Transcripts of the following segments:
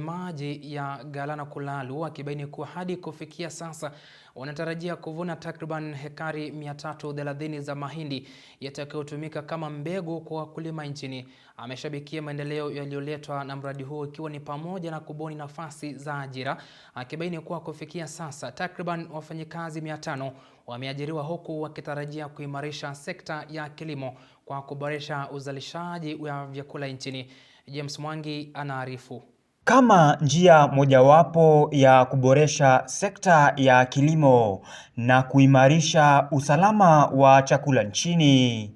Maji ya Galana Kulalu akibaini kuwa hadi kufikia sasa wanatarajia kuvuna takriban hekari 330 za mahindi yatakayotumika kama mbegu kwa wakulima nchini. Ameshabikia maendeleo yaliyoletwa na mradi huo ikiwa ni pamoja na kubuni nafasi za ajira, akibaini kuwa kufikia sasa takriban wafanyikazi 500 wameajiriwa huku wakitarajia kuimarisha sekta ya kilimo kwa kuboresha uzalishaji wa vyakula nchini. James Mwangi anaarifu. Kama njia mojawapo ya kuboresha sekta ya kilimo na kuimarisha usalama wa chakula nchini,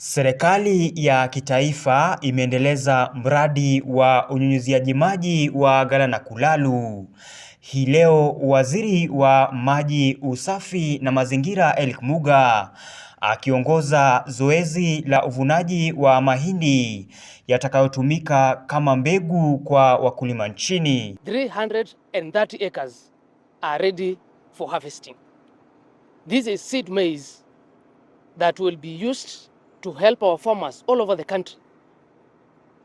Serikali ya kitaifa imeendeleza mradi wa unyunyiziaji maji wa na kulalu Hii leo Waziri wa Maji, Usafi na Mazingira Eric Muga akiongoza zoezi la uvunaji wa mahindi yatakayotumika kama mbegu kwa wakulima nchini. 330 acres are ready for harvesting. This is seed maize that will be used to help our farmers all over the country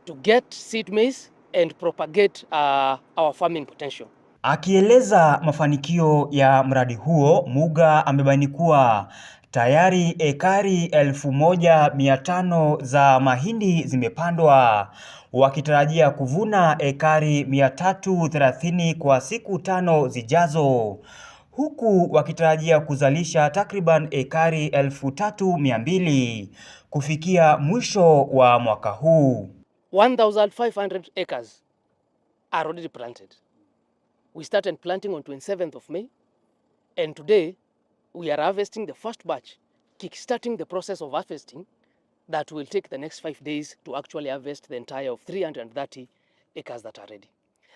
to get seed maize and propagate uh, our farming potential. Akieleza mafanikio ya mradi huo, Muga amebainikua Tayari ekari elfu moja mia tano za mahindi zimepandwa wakitarajia kuvuna ekari 330 kwa siku tano zijazo huku wakitarajia kuzalisha takriban ekari elfu tatu mia mbili kufikia mwisho wa mwaka huu. 1500 acres are already planted. We started planting on 27th of May and today we are harvesting the first batch, kickstarting the process of harvesting that will take the next five days to actually harvest the entire of 330 acres that are ready.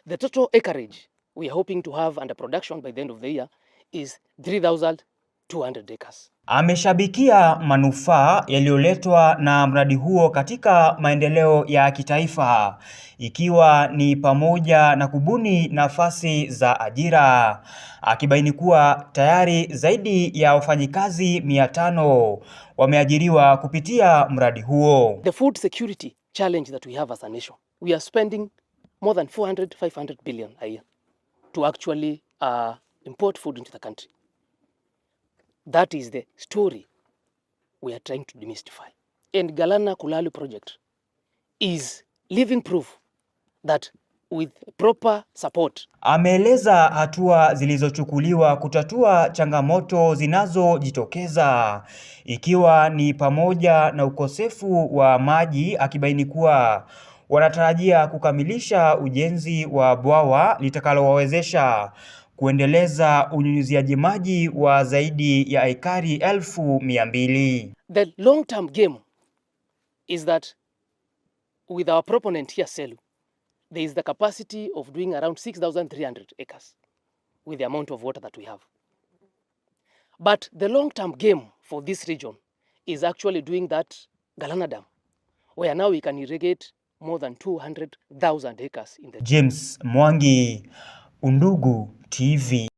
The total acreage we are hoping to have under production by the end of the year is 3,000 200 acres. Ameshabikia manufaa yaliyoletwa na mradi huo katika maendeleo ya kitaifa ikiwa ni pamoja na kubuni nafasi za ajira, akibaini kuwa tayari zaidi ya wafanyikazi mia wameajiriwa kupitia mradi huo. The food security challenge that we have as a nation. We are spending more than 400 500 billion a year to actually uh, import food into the country. That is the story we are trying to demystify. And Galana Kulalu project is living proof that with proper support. Ameeleza hatua zilizochukuliwa kutatua changamoto zinazojitokeza ikiwa ni pamoja na ukosefu wa maji, akibaini kuwa wanatarajia kukamilisha ujenzi wa bwawa litakalowawezesha kuendeleza unyunyiziaji maji wa zaidi ya ekari elfu mia mbili. The long term game is that with our proponent here Selu there is the capacity of doing around 6300 acres with the amount of water that we have. But the long term game for this region is actually doing that Galana Dam where now we can irrigate more than 200,000 acres in the James Mwangi Undugu TV.